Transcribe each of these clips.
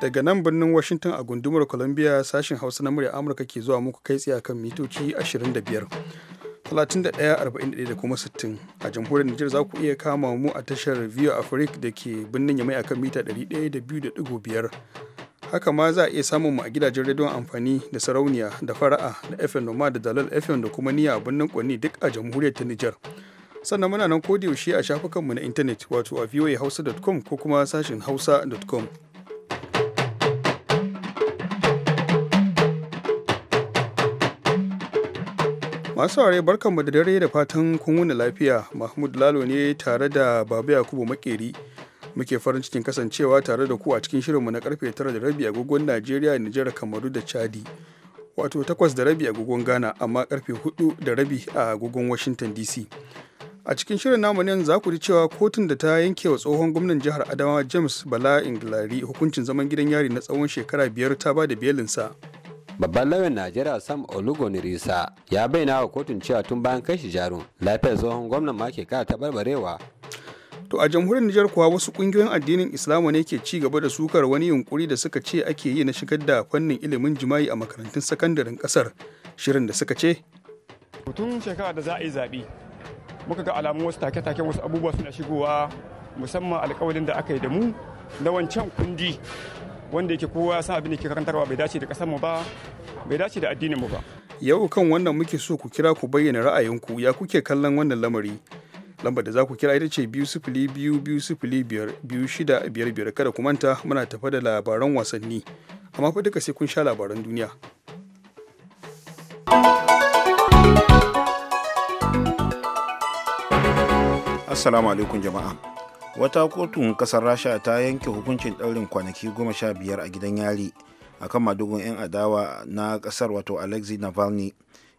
daga nan birnin washington a gundumar columbia sashen hausa na murya amurka ke zuwa muku kai tsaye akan mitoci 25 31 da kuma 60 a jamhuriyar Nijar za ku iya kama mu a tashar Viyo Africa da ke birnin Yamai akan mita 102.5 haka ma za a iya samun mu a gidajen rediyon amfani da sarauniya da fara'a da fm noma da dalal fm da kuma niyya a birnin kwanni duk a jamhuriyar ta nijar sannan muna nan yaushe a shafukanmu na intanet wato a voahausa.com ko kuma sashin hausa.com masu ware mu da dare da fatan kun wuni lafiya mahmud lalo ne tare da babu yakubu makeri muke farin cikin kasancewa tare da ku a cikin shirinmu na karfe 9 da rabi agogon Najeriya, Nijar, Kamaru da Chadi. Wato 8 da rabi agogon Ghana amma karfe 4 da rabi a agogon Washington DC. A cikin shirin namu ne za ku ji cewa kotun da ta yanke wa tsohon gwamnan jihar adama James Bala inglari hukuncin zaman gidan yari na tsawon shekara biyar ta ba da belinsa. babban lauyan najeriya sam olugonirisa ya bayyana wa kotun cewa tun bayan kai shi jarum lafiyar tsohon gwamnan ma ke kara barbarewa To a jamhuriyar Nijar kuwa wasu kungiyoyin addinin Islamu ne ke ci gaba da sukar wani yunkuri da suka ce ake yi na shigar da fannin ilimin jima'i a makarantun sakandaren kasar shirin da suka ce. Tun shekara da za a yi zaɓe muka ga alamun wasu take-taken wasu abubuwa suna shigowa musamman alkawalin da aka yi da mu na wancan kundi wanda yake kowa san abin da ke karantarwa bai dace da mu ba bai dace da addininmu ba. Yau kan wannan muke so ku kira ku bayyana ra'ayinku ya kuke kallon wannan lamari. lambar da za ku kira ita ce biyu sifili biyu biyu sifili biyar biyu shida biyar biyar kada ku manta muna tafa da labaran wasanni amma fa duka sai kun sha labaran duniya assalamu alaikum jama'a wata kotun kasar rasha ta yanke hukuncin ɗaurin kwanaki goma sha biyar a gidan yari akan madugun 'yan adawa na kasar wato alexei navalny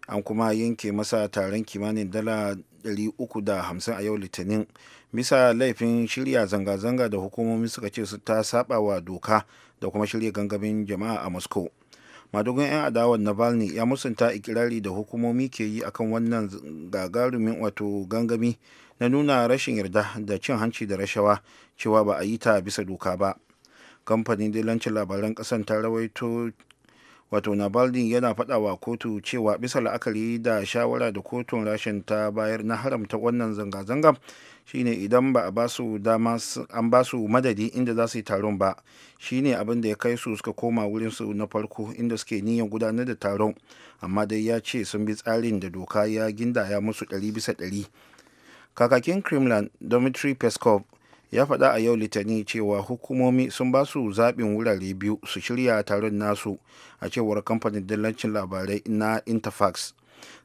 an kuma yanke masa taron kimanin dala 350 a yau litinin bisa laifin shirya zanga-zanga da hukumomi suka ce su ta saba wa doka da kuma shirya gangamin jama'a a moscow madogon 'yan adawar navalny ya musanta ikirari da hukumomi ke yi akan wannan gagarumin wato gangami na nuna rashin yarda da cin hanci da rashawa cewa ba a yi ta bisa doka ba kamfanin dilancin labaran kasan ta rawaito wato balding yana faɗa wa kotu cewa bisa la'akari da shawara da kotun rashin ta bayar na haramta wannan zanga-zanga shine idan ba a basu dama an basu madadi inda za su yi taron ba shine abin da ya kai su suka koma wurin su na farko inda suke niyyar gudanar da taron amma dai ya ce sun bi tsarin da doka ya gindaya musu ɗari bisa ɗari kakakin kremlin dmitry peskov ya faɗa a yau litani cewa hukumomi sun ba su zaɓin wurare biyu su shirya taron nasu a cewar kamfanin dillancin labarai na interfax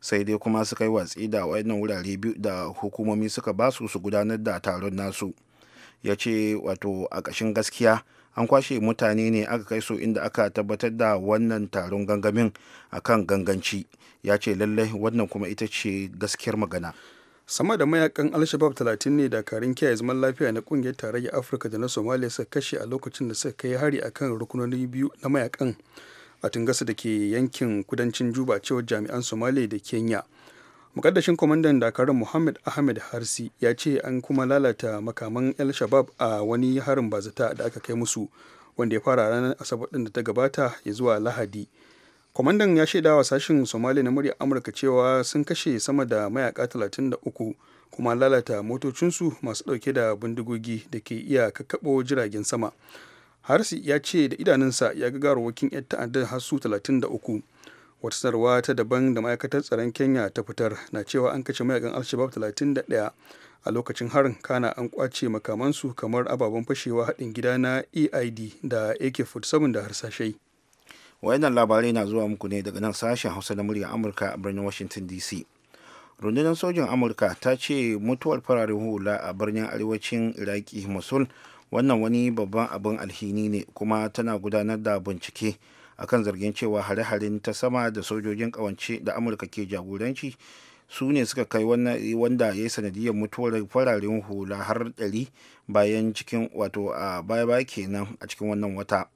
sai dai kuma suka yi watsi da wayannan wurare biyu da hukumomi suka ba su su gudanar da taron nasu ya ce wato a ƙashin gaskiya an kwashe mutane ne aka kai su inda aka tabbatar da wannan taron gangamin akan ganganci ya ce lallai wannan kuma ita ce gaskiyar magana sama da mayakan alshabab 30 ne dakarun kiyaye zaman lafiya na kungiyar tarayyar afirka da na somalia suka kashe a lokacin da suka kai hari akan rukunoni biyu na mayakan a tungasa da ke yankin kudancin juba cewar jami'an somalia da kenya mukaddashin kwamandan dakarun muhammad ahmed harsi ya ce an kuma lalata makaman al shabab a wani harin bazata da aka kai musu wanda ya fara ranar asabar din da ta gabata ya zuwa lahadi kwamandan ya shaida wa sashen somali na murya amurka cewa sun kashe sama da mayaka 33 kuma lalata motocinsu masu dauke da bindigogi da ke iya kakkaɓo jiragen sama harsi ya ce da idanunsa ya ga gawarwakin 'yan ta'addar hasu 33 wata sanarwa ta daban da ma'aikatar tsaron kenya ta fitar na cewa an kashe mayakan alshabab 31 a lokacin harin kana an kwace makamansu kamar ababen fashewa haɗin gida na eid da ak-47 da harsashai wayannan labarai na zuwa muku ne daga nan sashen hausa na murya amurka a birnin washington dc rundunar sojin amurka ta ce mutuwar fararen hula a birnin arewacin iraki mosul wannan wani babban abin alhini ne kuma tana gudanar da bincike akan zargin cewa hare-haren ta sama da sojojin kawance da amurka ke jagoranci su ne suka kai wanda ya yi sanadiyar mutuwar fararen hula har 100 bayan cikin wato a baya-baya kenan a cikin wannan wata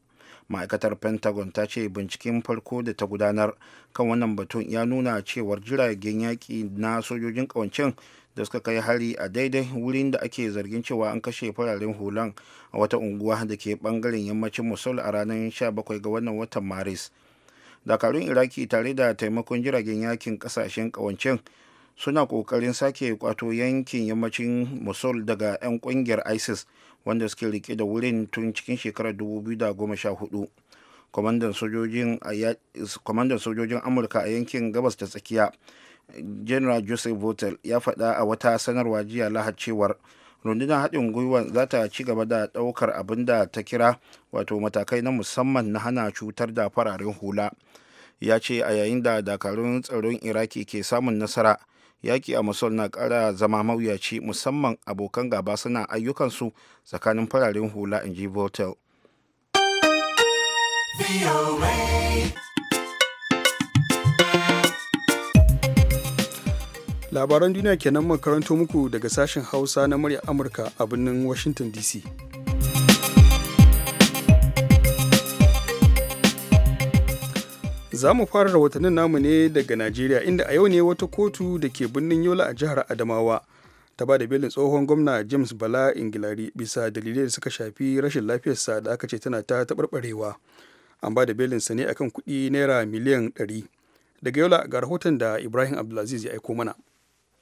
ma'aikatar pentagon ta ce binciken farko da ta gudanar kan wannan batun ya nuna cewar jiragen yaƙi na sojojin ƙawancin da suka kai hari a daidai wurin da ake zargin cewa an kashe fararen hulan a wata unguwa da ke bangaren yammacin musul a ranar 17 ga wannan watan maris dakarun iraki tare da taimakon jiragen yakin kasashen ƙawancin suna ƙoƙarin sake kwato yankin yammacin musul daga 'yan ƙungiyar isis wanda suke rike da wurin tun cikin shekarar 2014 kwamandan sojojin amurka a yankin gabas ta tsakiya general joseph votel ya faɗa a wata sanarwa jiya lahar cewar rundunar haɗin gwiwa za ta ci gaba da ɗaukar abin da ta kira wato matakai na musamman na hana cutar da fararen hula ya ce a yayin da dakarun tsaron iraki ke samun nasara yaƙi a mosul na ƙara zama mawuyaci musamman abokan gaba suna ayyukansu tsakanin fararen hula in ji votel labaran duniya kenan makaranto muku daga sashen hausa na murya amurka a birnin washington dc za mu fara rahotannin namu ne daga najeriya inda a yau ne wata kotu da ke birnin yola a jihar adamawa ta ba da belin tsohon gwamna james bala ingilari bisa dalilai da suka shafi rashin lafiyarsa da aka ce tana ta taɓarɓarewa an ba da belinsa ne akan kuɗi naira miliyan ɗari daga yola ga rahoton da ibrahim abdulaziz ya aiko mana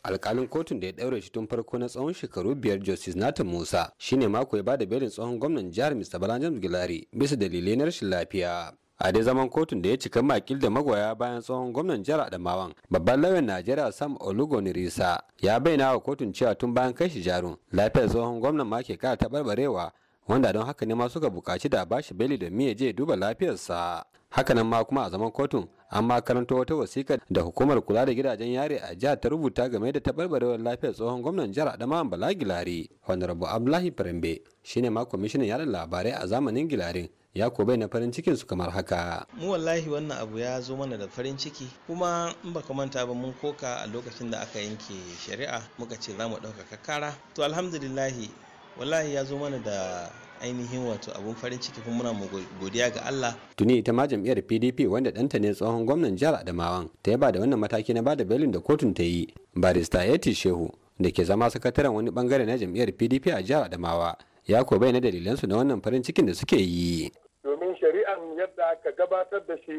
alkalin kotun da ya daure shi tun farko na tsawon shekaru biyar justice nata musa shine mako ya ba da belin tsohon gwamnan jihar mr james gilari bisa dalilai na rashin lafiya a dai zaman kotun da ya cika makil da magoya bayan tsohon gwamnan jihar adamawan babban lauyan najeriya sam olugonirisa ya bayyana wa kotun cewa tun bayan kai shi jarun lafiyar tsohon gwamnan ma ke kara barbarewa wanda don haka ne ma suka buƙaci da bashi beli da miya je duba lafiyarsa hakanan ma kuma a zaman kotun an ma karanto wata wasiƙa da hukumar kula da gidajen yare a jihar ta rubuta game da taɓarɓarewar lafiyar tsohon gwamnan jihar adamawan bala gilari honorable abdullahi farambe shine ma kwamishinan yaɗa labarai a zamanin gilarin ya ko bai na farin cikin su kamar haka mu wallahi wannan abu ya zo mana da farin ciki kuma in baka manta ba mun koka a lokacin da aka yanke shari'a muka ce za mu ɗaukaka kara to alhamdulillahi wallahi ya zo mana da ainihin wato abun farin ciki kuma muna mu godiya ga Allah. Tuni ita ma jam'iyyar PDP wanda ɗanta ne tsohon gwamnan jihar Adamawan ta yaba da wannan mataki na bada belin da kotun ta yi. Barista Yeti Shehu da ke zama sakataren wani bangare na jam'iyyar PDP a jihar Adamawa ya ko bayyana dalilansu na wannan farin cikin da suke yi. gabatar da shi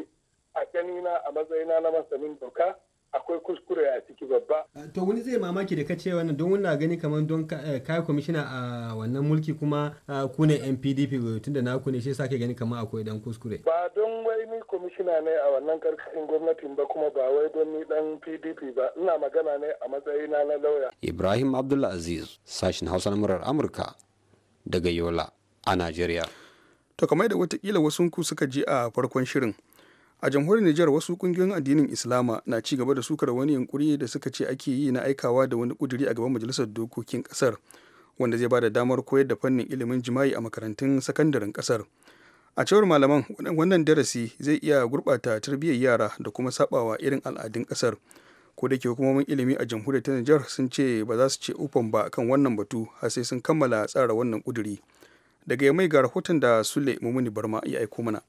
a ganina a matsayina na masanin doka akwai kuskure a ciki babba. To wani zai mamaki da ka ce wannan don wannan gani kamar don kai eh, kwamishina a wannan mulki kuma ku ne NPDP tunda na kuna ne shi sake gani kamar akwai dan kuskure. Ba don wai ni kwamishina ne a wannan karkashin gwamnatin ba kuma ba wai don ni dan PDP ba ina magana ne a matsayina na lauya. Ibrahim Abdullah Aziz sashin Hausa na murar Amurka daga Yola a Najeriya. To kamar da watakila ku suka je a farkon shirin. A jamhuriyar Nijar wasu kungiyoyin addinin Islama na ci gaba da sukar wani yunkuri da suka ce ake yi na aikawa da wani kuduri a gaban majalisar dokokin kasar wanda zai bada damar koyar da fannin ilimin jima'i a makarantun sakandaren kasar. A cewar malaman wannan darasi zai iya gurɓata tarbiyyar yara da kuma sabawa irin al'adun kasar. Ko da ke hukumomin ilimi a jamhuriyar ta Nijar sun ce ba za su ce ufan ba kan wannan batu har sai sun kammala tsara wannan kuduri. daga yamai ga rahoton da sule mumuni barma ya aiko mana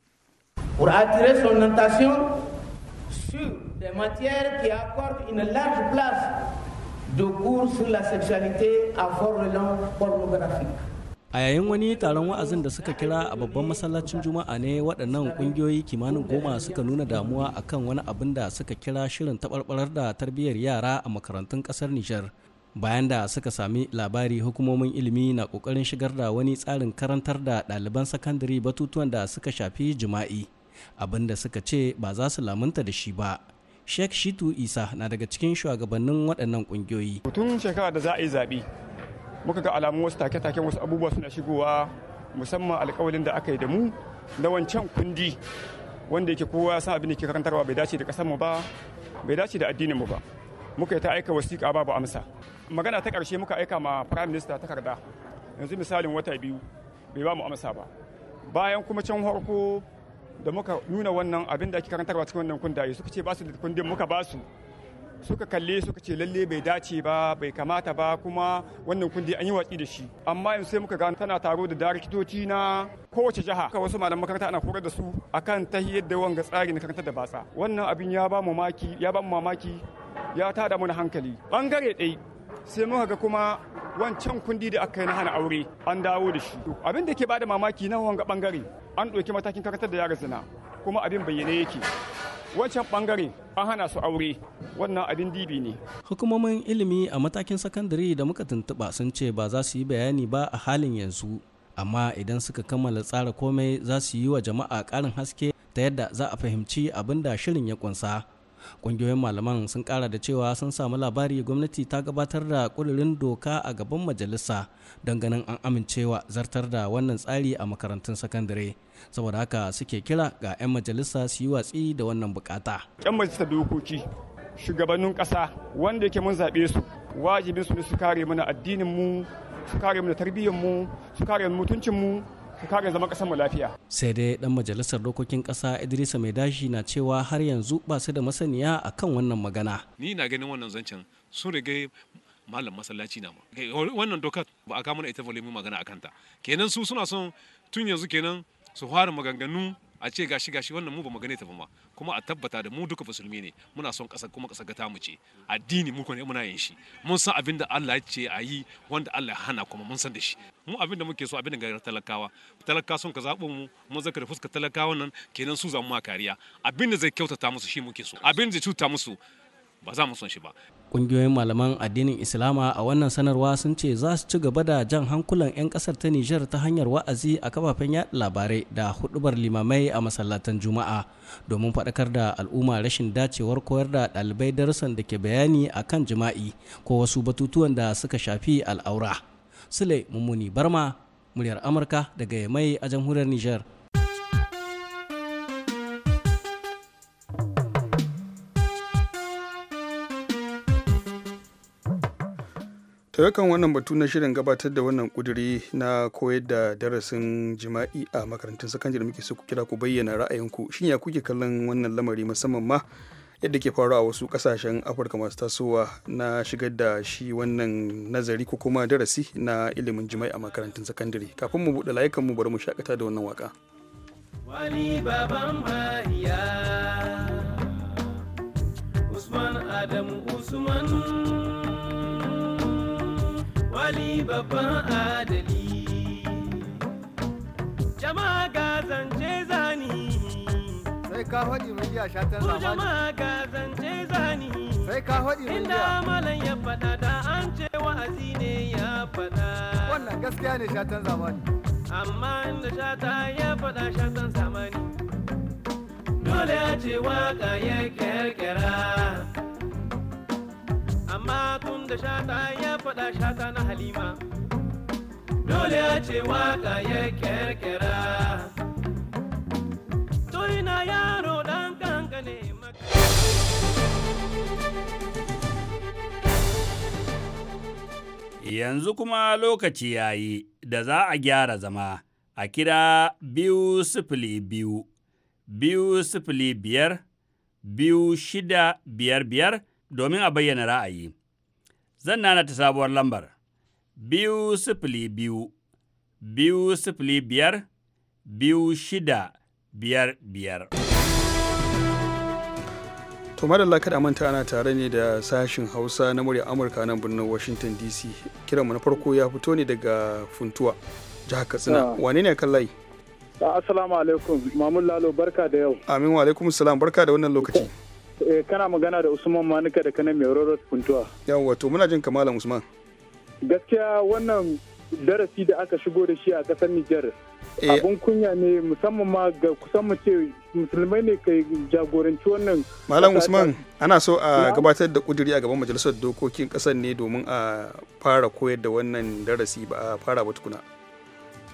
A yayin wani taron wa'azin da suka kira a babban masallacin Juma'a ne waɗannan ƙungiyoyi kimanin goma suka nuna damuwa akan wani abin da suka kira shirin taɓarɓarar da tarbiyyar yara a makarantun ƙasar Nijar bayan da suka sami labari hukumomin ilimi na kokarin shigar da wani tsarin karantar da ɗaliban sakandare batutuwan da suka shafi jima'i abinda da suka ce ba za su lamunta da shi ba sheikh shitu isa na daga cikin shugabannin waɗannan kungiyoyi. tun shekara da za a yi zaɓe muka ga alamun wasu take take wasu abubuwa suna shigowa musamman alkawalin da aka yi da mu na wancan kundi wanda yake kowa ya san abin da ke karantarwa bai dace da ƙasarmu ba bai dace da addinin mu ba muka yi ta aika wasiƙa babu amsa magana ta ƙarshe muka aika ma prime minister takarda yanzu misalin wata biyu bai ba mu amsa ba bayan kuma can harko da muka nuna wannan abin da ake karantarwa cikin wannan kundaye suka ce ba su da kundin muka ba su suka kalle suka ce lalle bai dace ba bai kamata ba kuma wannan kundi an yi watsi da shi amma yanzu sai muka gano tana taro da darikitoci na kowace jiha ka wasu malaman makaranta ana horar da su akan ta yadda wanga tsari na karanta da batsa wannan abin ya ba mu mamaki ya ba mu mamaki ya tada mana hankali bangare ɗaya sai muka ga kuma wancan kundi da aka yi na hana aure an dawo da shi abin da ke bada mamaki na wanga bangare an ɗauki matakin karatar da yara zina kuma abin bayyane yake wancan bangare an hana su aure wannan abin dibi ne hukumomin ilimi a matakin sakandare da muka tuntuɓa sun ce ba za su yi bayani ba a halin yanzu amma idan suka kammala tsara komai za su yi wa jama'a ƙarin haske ta yadda za a fahimci abin da shirin ya kunsa ƙungiyoyin malaman sun kara da cewa sun samu labari gwamnati ta gabatar da ƙudurin doka a gaban majalisa don ganin an amincewa zartar da wannan tsari a makarantun sakandare saboda haka suke kira ga 'yan majalisa su yi watsi da wannan bukata 'yan majalisa dokoki shugabannin ƙasa wanda yake mun zaɓe su wajibin su ne su kare mana addinin mu su kare mana tarbiyyar mu su kare mutuncin mu kaga zama kasar mu lafiya sai dai dan majalisar dokokin kasa Idrisa dashi na cewa har yanzu ba su da masaniya akan wannan magana ni na ganin wannan zancen sun rige malam masallaci na wannan dokar ba a kama ita ba mu magana akan ta kenan su suna son tun yanzu kenan su fara maganganu a ce gashi gashi wannan mu ba magane ta ba kuma a tabbata da mu duka musulmi ne muna son ƙasa kuma ƙasa gata mu ce addini mu kuma muna yin shi mun san abin da Allah ya ce a yi wanda Allah ya hana kuma mun san da shi mu abin da muke so abin da ga talakawa talaka sun ka zaɓo mu mun zaka da talakawa nan kenan su za ma kariya abin da zai kyautata musu shi muke so abin da zai cuta musu ba za mu son shi ba Ƙungiyoyin malaman addinin Islama a wannan sanarwa sun ce za su ci gaba da jan hankulan 'yan kasar ta Nijar ta hanyar wa'azi a kafafen yaɗa labarai da hudubar limamai a masallatan Juma'a domin faɗakar da al'umma rashin dacewar koyar da ɗalibai darussan da ke bayani a kan jima'i ko wasu batutuwan da suka shafi al'aura. Sule Mummuni Barma, muryar Amurka daga Yamai a jamhuriyar Nijar. tarakan wannan batu na shirin gabatar da wannan kuduri na koyar da darasin jima'i a makarantun sakandare muke so kira ku bayyana ra'ayinku shin ya kuke kallon wannan lamari musamman ma yadda ke faruwa a wasu kasashen afirka masu tasowa na shigar da shi wannan nazari ko kuma darasi na ilimin jima'i a makarantun sakandare kafin mu buɗe layukan mu bari mu shakata da wannan waka wani baban mariya usman adamu usman Ali babban adali. Jama'a ga zance zani. Sai ka faɗi mun giya shatan zamani. jama'a ga zance zani. Sai ka faɗi mun giya. Inda malam ya faɗa da an ce wa'azi ne ya faɗa. Wannan gaskiya ne shatan zamani. Amma inda shata ya faɗa shatan zamani. Dole a ce waka ya kerkera. amma tun da shata ya faɗa shata na halima dole a ce waka ya kerkera tun na yaro ɗan kankane Yanzu kuma lokaci ya yi da za a gyara zama a kira biyu sifili biyu, biyu sifili biyar, biyu shida biyar biyar domin a bayyana ra'ayi. Zan nana ta sabuwar lambar biyu sifili biyu, biyu sifili biyar, biyu shida biyar biyar. To madalla kada manta ana tare ne da sashin Hausa na murya Amurka nan birnin Washington DC. Kiranmu na farko ya fito ne daga Funtuwa, jihar Katsina. Ah. Wane ne kan layi? Ah, assalamu alaikum, Mamun Lalo, barka da yau. Amin wa alaikum salam, barka da wannan lokaci. Eh, kana magana da usman manuka da kanan mai rorot puntuwa yawa to muna jin kamalan usman gaskiya wannan darasi da aka shigo da shi a kasar nijar eh. abun kunya ne musamman ma ga kusan mu ce musulmai ne kai jagoranci wannan malam usman ana so a gabatar da kuduri a gaban majalisar dokokin kasar ne domin a fara koyar da wannan darasi ba a fara ba tukuna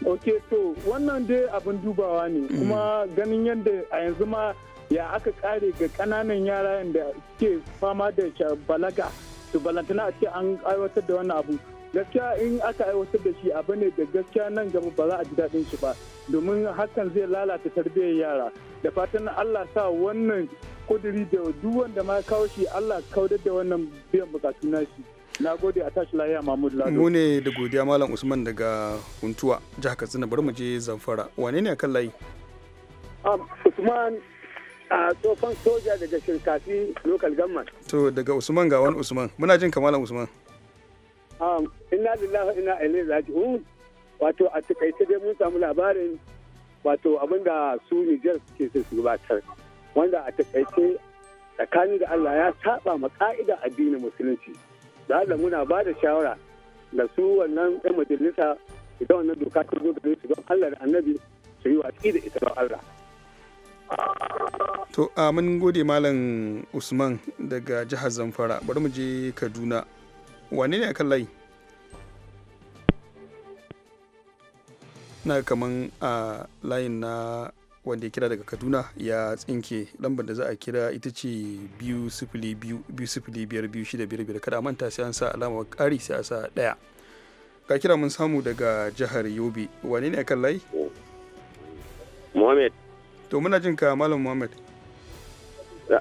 ok to wannan dai abin dubawa ne mm. kuma ganin yadda a yanzu ma ya aka kare ga kananan yara da ke fama da balaga su balantana a ce an aiwatar da wannan abu gaskiya in aka aiwatar da shi abu ne da gaskiya nan gaba ba za a ji daɗin shi ba domin hakan zai lalata tarbiyyar yara da fatan allah sa wannan kuduri da duk wanda ma kawo shi allah kaudar da wannan biyan bukatu na shi na gode a tashi lahiya mahmud lado mu ne da godiya malam usman daga huntuwa jihar katsina bari mu je zamfara wane ne kan layi usman a tsofan soja daga shirkafi local government to daga usman ga wani usman muna jin kamalan usman um, ina lillahi ina ilaihi raji'un wato a takaice dai mun samu labarin wato abinda su Nijar suke su gabatar wanda a takaice tsakanin da Allah ya saba ma ka'ida addinin musulunci da Allah muna ba da shawara da su wannan ɗan majalisa idan wannan doka ta zo da su don Allah da annabi su yi watsi da ita don Allah to a mun gode malam usman daga jihar zamfara bari mu je kaduna wane ne akan layi na kaman a layin na wanda ya kira daga kaduna ya tsinke lambar da za a kira ita ce biyu sifili biyu biyu sifili biyar biyu shida biyar biyar kada manta sai an sa alama kari sai a sa ɗaya ka kira mun samu daga jihar yobe wane ne akan layi Mohamed to muna jin ka malam muhammad ya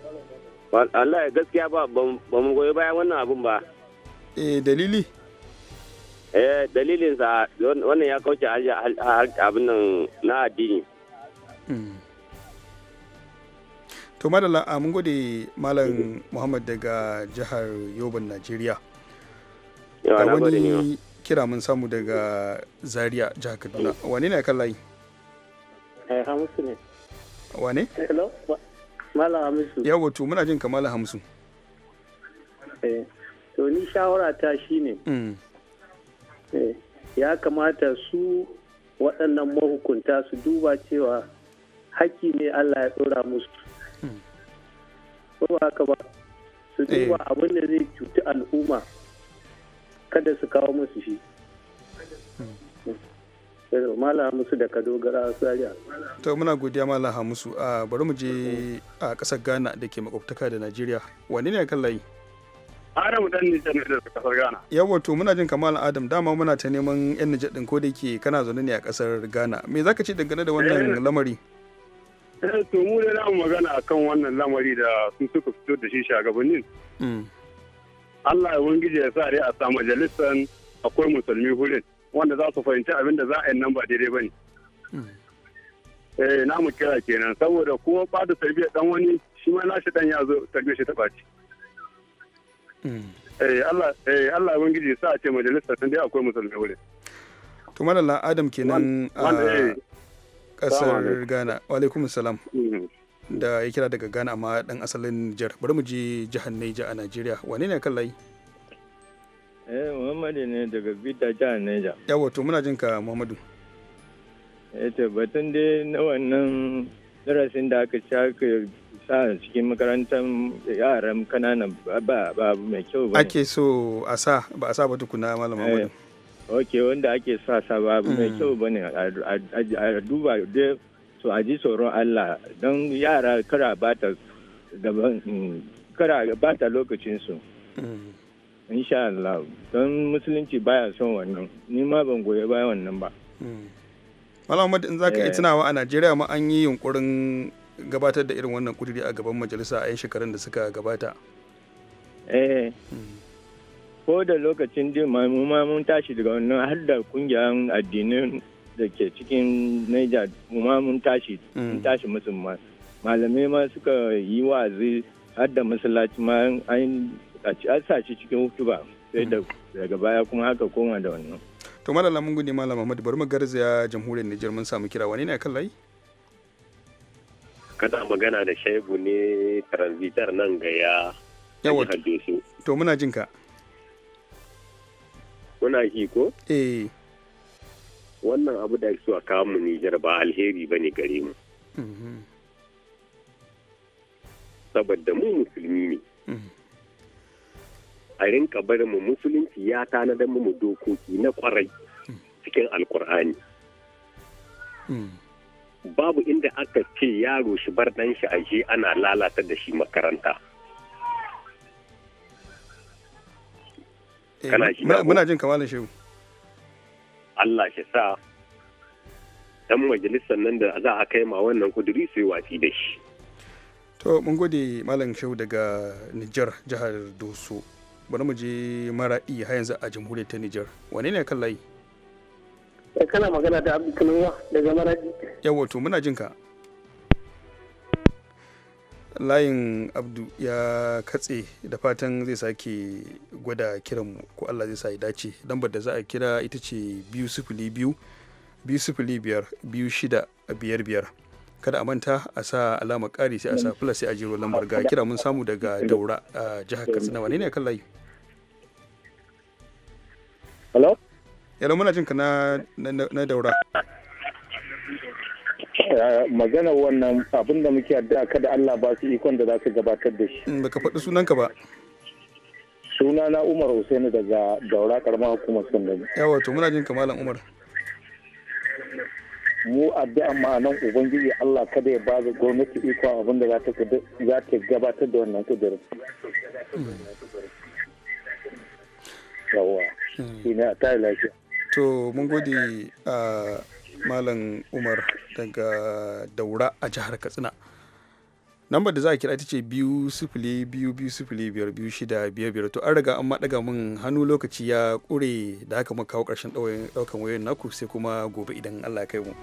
gaskiya ba ba mu goyi bayan wannan abun ba eh dalili eh dalilin sa wannan ya kauce abin nan na addini hmm. to madalla ah, mun gode malam mm-hmm. muhammad daga jihar yoban najeriya ga wani kira mun samu daga zaria jihar kaduna wane ne kan layi eh hamisu ne wane? Eh, hello hamisu yawo to muna jin kamala hamisu eh, to ni shawara ta shine mm. eh, ya kamata su waɗannan mahukunta su duba cewa haƙƙi ne Allah ya ɗora musu mm. ba haka ba su duba abin da zai cuci al'umma kada su kawo musu shi Bello Malam Hamisu daga Dogara Zaria. To muna godiya Malam hamusu. a bari mu je a ƙasar Ghana da ke makwabtaka da Najeriya. Wane ne kan layi? Adam dan Nijar ne da ƙasar Ghana. Yawwa to muna jin kamar Adam dama muna ta neman yan Nijar din ko da ke kana zaune ne a ƙasar Ghana. Me zaka ce dangane da wannan eh. lamari? Eh to mu da mu magana akan wannan lamari da sun suka fito da shi shagabannin. Mm. Allah ya wangije ya sa dai a samu majalisar akwai musulmi hurin. wanda za su fahimci abin da za a yi nan ba daidai ba ne. Eh na mu kira kenan saboda kuma ba da tarbiyyar dan wani shi ma shi dan ya zo tarbiyyar shi ta ɓaci. Hmm. Eh Allah eh Allah sa a ce majalisar tun dai akwai musulmi wurin. To malalla Adam kenan a kasar eh. Ghana. Wa alaikum salam. Mm-hmm. Da ya kira daga Ghana amma dan asalin Nijar. Bari mu je jihar Niger a Najeriya. Wane ne kan layi? Eh Muhammadu ne daga Bita jihar Neja. Yawa to muna jin ka Muhammadu. Eh to batun dai na wannan darasin da aka ci aka sa cikin makarantar yaran kananan ba ba mai kyau ba. Ake so a sa ba a sa ba tukuna malam eh, Muhammadu. ok wanda ake sa sa babu mai mm. kyau ba ne a duba dai a ji tsoron Allah don yara kara bata daban kara bata lokacin su mm. insha Allah don musulunci baya son wannan ni ma ban goyi baya wannan ba hmm. Malam Ahmad in zaka yi eh. tunawa a Najeriya ma an yi yunkurin gabatar da irin wannan kudiri a gaban majalisa a 'yan shekarun da suka gabata. Eh. Hmm. Ko da lokacin din ma mu ma mun tashi daga wannan har da kungiyar addinin da ke cikin Niger mu ma mun tashi mun hmm. tashi musu Malamai ma suka yi wa'azi har da masallaci ma an a sa shi cikin ba. sai daga baya kuma haka koma da wannan to malala mun gode malam Ahmad bari mu garzaya jamhuriyar Nijar mun samu kira wani ne kan layi kana magana da Shaibu ne transitor nan ga ya yawa to muna jin ka muna ji ko eh wannan abu da su a kawo mu Nijar ba alheri bane gare mu mhm. saboda mu musulmi ne mhm. a rinka barin mu musulunci ya tanadar mu dokoki na kwarai cikin alkur'ani hmm. babu inda aka ce yaro shi bar dan shi a je ana lalata da shi makaranta eh, muna jin kamalin shehu Allah shi sa dan majalisar nan da za a kai ma wannan kuduri su yi watsi da shi to mun gode malam shehu daga Nijar jihar Doso bari mu je maraɗi har yanzu a jamhuriyar ta Nijar wane ne kan layi eh, kana magana da Kalwa daga maraɗi yawa to muna jin ka layin abdu ya katse da fatan zai sake gwada kiranmu ko allah zai sa ya dace lambar da za a kira ita ce biyu sifili biyu biyu sifili biyar biyu shida biyar biyar kada a manta a sa alama ƙari sai a sa plus sai a jero lambar ga kira mun samu daga daura a jihar katsina wani ne kan layi hello yalo muna jin ka na na daura eh, magana wannan abin da muke addu'a kada Allah ba su ikon da za su gabatar da shi mm, baka faɗi sunanka ba sunana Umar Hussein daga daura karamar hukumar Sandani yawa to muna jin ka malam Umar mu addu'an ma'anan ubangiji Allah kada ya ba gwamnati ikon abin da za ta gabatar da wannan kudurin. Yawa, a lafiya. To, mun gode ah, Malam Umar daga Daura a jihar Katsina. lambar da za a kira ita ce biyu sifili biyu biyu sifili biyar biyu shida biyar biyar to an riga an maɗaga min hannu lokaci ya ƙure da haka muka kawo ƙarshen ɗaukan wayoyin naku sai kuma gobe idan allah kai mu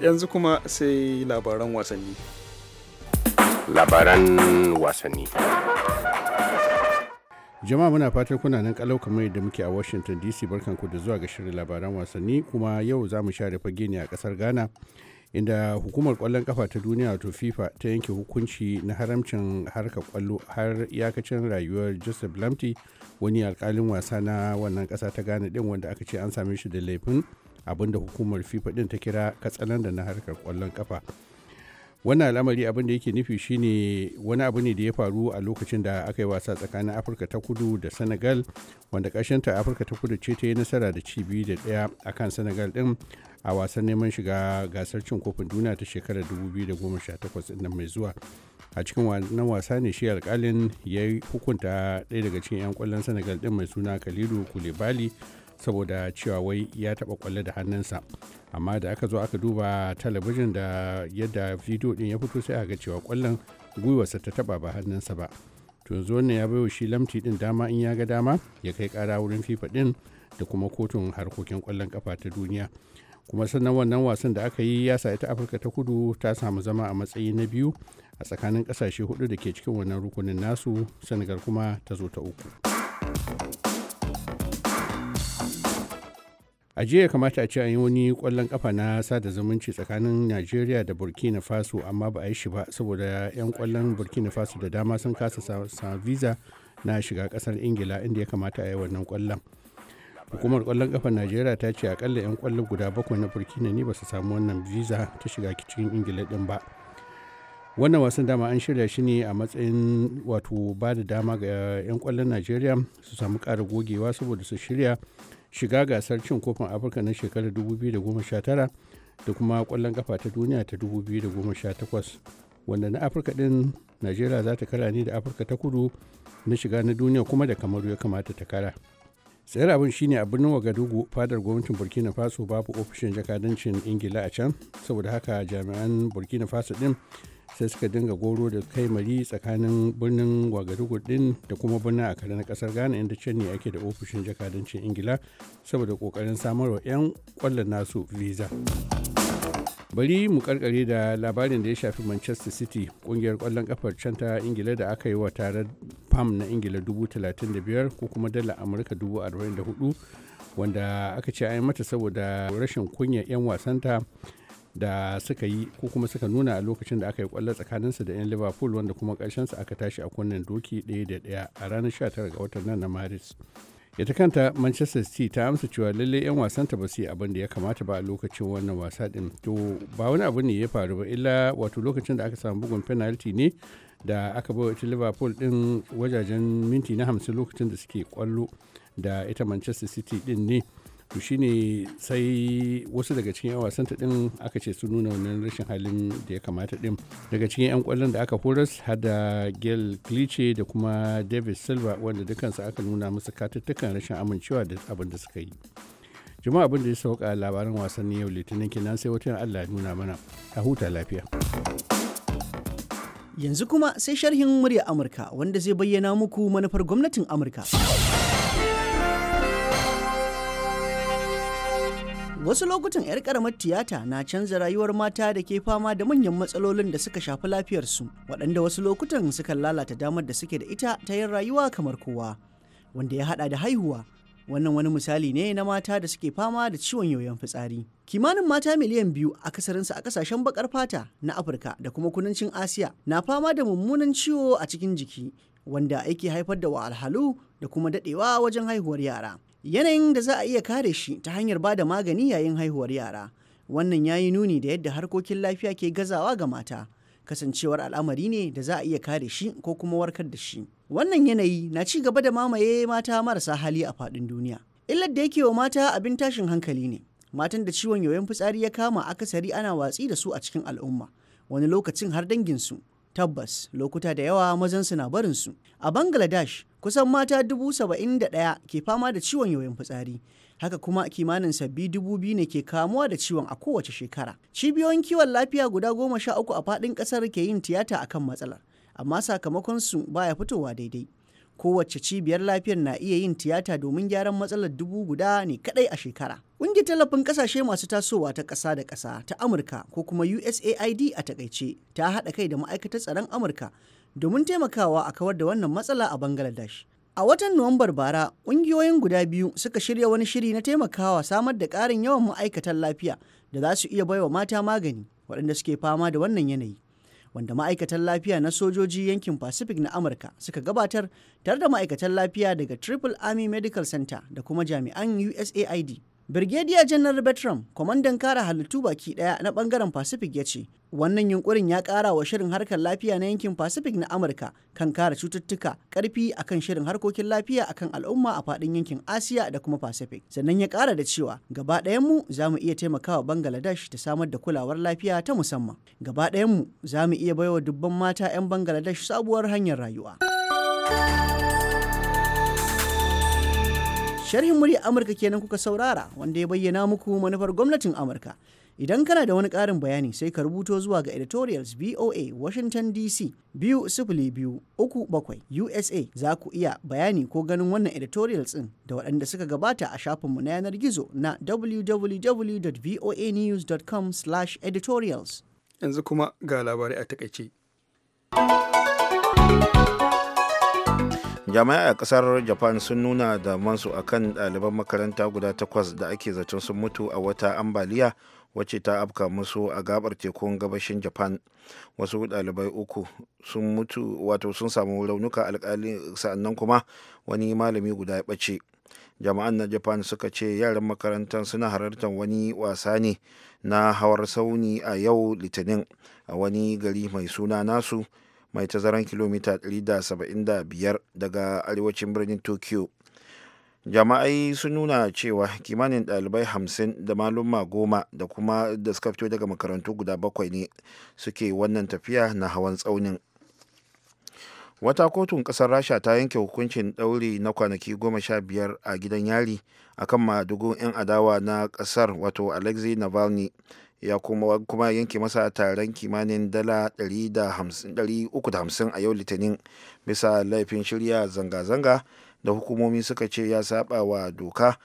yanzu kuma sai labaran wasanni labaran wasanni jama'a muna fatan kuna nan kalau kamar yadda muke a washington dc barkanku da zuwa ga shirin labaran wasanni kuma yau za mu share fage ne a kasar ghana inda hukumar kwallon kafa ta duniya wato fifa ta yanke hukunci na haramcin harka kwallo har yakacin rayuwar joseph lamti wani alkalin wasa na wannan kasa ta ghana din wanda aka ce an same shi da laifin abinda hukumar fifa din ta kira katsalan da na harkar kwallon kafa wannan al'amari abin da yake nufi shine wani abu ne da ya faru a lokacin da aka yi wasa tsakanin afirka ta kudu da senegal wanda ta afirka ta kudu ce ta yi nasara da ci da ɗaya kan senegal ɗin a wasan neman shiga gasar cin kofin duniya ta shekarar 2018 nan mai zuwa a cikin wannan wasa ne shi alkalin ya hukunta ɗaya daga cikin 'yan kwallon senegal ɗin mai suna kalilu kulebali saboda cewa wai ya taba kwalle da hannunsa amma da aka zo aka duba talabijin da yadda bidiyo din ya fito sai aka cewa kwallon gwiwarsa ta taba ba hannunsa ba to yanzu wannan ya baiwa shi lamti din dama in ya ga dama ya kai kara wurin fifa din da kuma kotun harkokin kwallon kafa ta duniya kuma sannan wannan wasan da aka yi ya sa ita afirka ta kudu ta samu zama a matsayi na biyu a tsakanin kasashe hudu da ke cikin wannan rukunin nasu senegal kuma ta zo ta uku a jiya kamata a ce an yi wani kwallon kafa na sada zumunci tsakanin najeriya da burkina faso amma ba a yi shi ba saboda 'yan kwallon burkina faso da dama sun kasa sa visa na shiga kasar ingila inda ya kamata a yi wannan kwallon hukumar kwallon kafa najeriya ta ce akalla 'yan kwallon guda bakwai na burkina ne ba su samu wannan visa ta shiga cikin ingila din ba wannan wasan dama an shirya shi ne a matsayin wato ba da dama ga 'yan kwallon najeriya su samu kara gogewa saboda su shirya shiga gasar cin kofin afirka na shekarar 2019 da kuma kwallon kafa ta duniya ta 2018 wanda na afirka din najeriya za ta kara ne da afirka ta kudu na shiga na duniya kuma da kamaru ya kamata ta kara tsayar abin shine a birnin wagadugu fadar gwamnatin burkina faso babu ofishin jakadancin ingila a can saboda haka jami'an burkina faso din sai suka dinga goro da kai mari tsakanin birnin wagadugu din da kuma birnin kare na kasar ghana inda can ne ake da ofishin jakadancin ingila saboda kokarin samar wa 'yan kwallon nasu visa bari mu karkare da labarin da ya shafi manchester city kungiyar kwallon kafar can ta ingila da aka yi wa tarar pam na ingila 35,000 ko kuma dala amurka 44,000 wanda aka ce an yi mata saboda rashin kunya 'yan wasanta da suka yi ko kuma suka nuna a lokacin da aka yi kwallo tsakaninsu da 'yan liverpool wanda kuma su aka tashi a kunnen doki ɗaya da ɗaya a ranar 19 ga watan nan na maris ita kanta manchester city ta amsa cewa lalle 'yan wasanta ba su yi abin da ya kamata ba a lokacin wannan wasa din to ba wani abu ne ya faru ba illa wato lokacin da aka samu bugun penalty ne da aka bai ita liverpool din wajajen minti na 50 lokacin da suke kwallo da ita manchester city din ne to shine sai wasu daga cikin 'yan wasan ta din aka ce su nuna wannan rashin halin da ya kamata din daga cikin 'yan kwallon da aka horas hada gail glitche da kuma david silva wanda dukansu aka nuna musu katuttukan rashin amincewa da abin da suka yi jama'a abin da ya sauka labaran wasanni yau litinin kenan sai wata allah nuna mana a huta lafiya yanzu kuma sai sharhin murya amurka wanda zai bayyana muku manufar gwamnatin amurka Wasu lokutan 'yar karamar tiyata na canza rayuwar mata da ke fama da manyan matsalolin da suka shafi lafiyarsu, waɗanda wasu lokutan sukan lalata damar da suke da ita ta yin rayuwa kamar kowa, wanda ya haɗa da haihuwa. Wannan wani misali ne na mata da suke fama da ciwon yoyon fitsari. Kimanin mata miliyan biyu a kasarinsu a kasashen baƙar fata na Afirka da kuma kudancin Asiya na fama da mummunan ciwo a cikin jiki wanda aiki haifar da wahalhalu da kuma daɗewa wajen haihuwar yara. yanayin da za a iya kare shi ta hanyar ba da magani yayin haihuwar yara wannan ya yi nuni da yadda harkokin lafiya ke gazawa ga mata kasancewar al'amari ne da za a iya kare shi ko kuma warkar da shi wannan yanayi na ci gaba da mamaye mata marasa hali a faɗin duniya illar da yake wa mata abin tashin hankali ne matan da ciwon yoyon fitsari ya kama akasari ana watsi da su a cikin al'umma wani lokacin har danginsu tabbas lokuta da yawa mazan su na barin su a bangladesh kusan mata dubu saba'in da ɗaya ke fama da ciwon yoyon fitsari haka kuma kimanin sabbi dubu biyu ne ke kamuwa da ciwon a kowace shekara cibiyoyin kiwon lafiya guda goma sha uku a faɗin ƙasar ke yin tiyata akan matsalar amma sakamakon su baya fitowa daidai Kowace cibiyar lafiyar na iya yin tiyata domin gyaran matsalar dubu guda ne kadai a shekara. Ƙungiyar tallafin ƙasashe masu tasowa ta ƙasa da ƙasa ta Amurka ko kuma USAID a takaice ta haɗa kai da ma'aikatar tsaron Amurka domin taimakawa a kawar da wannan matsala a Bangladesh. A watan Nuwambar bara, ƙungiyoyin guda biyu suka shirya wani shiri na taimakawa samar da ƙarin yawan ma'aikatan lafiya da za su iya baiwa mata magani waɗanda suke fama da wannan yanayi. wanda ma'aikatan lafiya na sojoji yankin pacific na amurka suka gabatar tare da ma'aikatan lafiya daga triple army medical center da kuma jami'an usaid birgediya janaral Bertram, kwamandan kare halittu baki daya na bangaren Pacific ya ce, wannan yunkurin ya kara wa shirin harkar lafiya na yankin Pacific na Amurka kan kare cututtuka karfi akan shirin harkokin lafiya akan al'umma a fadin yankin Asiya da kuma Pacific. Sannan ya kara da cewa gaba ɗayanmu mu za mu iya taimakawa Bangladesh ta samar da kulawar lafiya ta musamman. Gaba ɗayan mu za mu iya baiwa dubban mata 'yan Bangladesh sabuwar hanyar rayuwa. Sharhin murya Amurka kenan kuka saurara wanda ya bayyana muku manufar gwamnatin Amurka. Idan kana da wani ƙarin bayani sai ka rubuto zuwa ga editorials BOA Washington DC biyu sifili biyu uku bakwai USA za ku iya bayani ko ganin wannan editorials ɗin da waɗanda suka gabata a shafinmu na yanar gizo na www.voanews.com/editorials. Yanzu kuma ga labarai a takaice. jama'a a kasar japan sun nuna da mansu a kan ɗaliban makaranta guda takwas da ake zaton sun mutu a wata ambaliya wacce ta afka musu a gabar tekun gabashin japan wasu ɗalibai uku sun mutu wato sun samu raunuka alkali sa'annan kuma wani malami guda ya ɓace jama'an na japan suka ce yaran makarantar suna halartar wani wasa ne na hawar sauni a yau litinin a wani gari mai suna nasu mai tazaran kilomita 175 daga arewacin birnin tokyo jama'ai sun nuna cewa kimanin dalibai hamsin da maluma goma da kuma da suka fito daga makarantu guda bakwai ne suke wannan tafiya na hawan tsaunin wata kotun kasar rasha ta yanke hukuncin ɗauri na kwanaki goma sha biyar a gidan yari akan madugun 'yan adawa na kasar wato alexei navalny ya kuma, kuma yanke masa taron kimanin dala 350 a yau litinin bisa laifin shirya zanga-zanga da hukumomi suka ce ya saba wa doka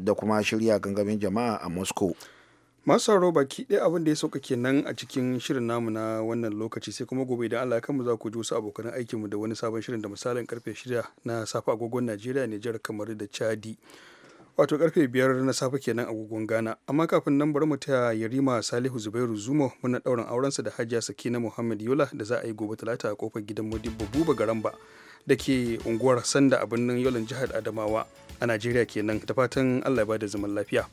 da kuma shirya gangamin jama'a a moscow masu baki ɗaya abin da ya sauka kenan a cikin shirin namu na wannan lokaci sai kuma gobe idan allah kanmu za ku ji wasu abokan aikinmu da wani sabon shirin da misalin karfe shida na safa agogon najeriya nijar kamar da chadi wato karfe biyar na safe kenan agogon ghana amma kafin nan bari mu ta yarima salihu zubairu zumo muna ɗaurin sa da hajiya sakina muhammad yola da za a yi gobe talata a kofar gidan modibbo buba garamba da ke unguwar sanda a birnin yolan jihar adamawa a najeriya kenan da fatan allah ba da zaman lafiya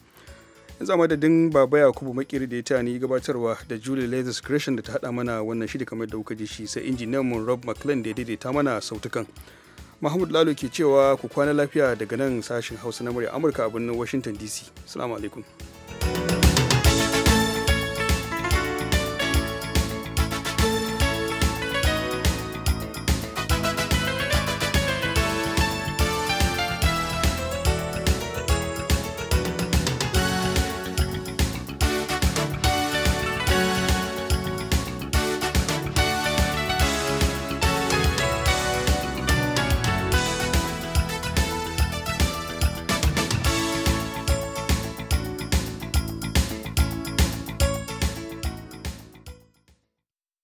yanzu a madadin baba yakubu makiri da ya ta ni gabatarwa da julie lazis creation da ta hada mana wannan shiri kamar da kuka ji shi sai injiniyan mu rob mclean da ya daidaita mana sautukan mahmud lalo ke cewa ku kwana lafiya daga nan sashen hausa na murya amurka a birnin washington dc salamu alaikum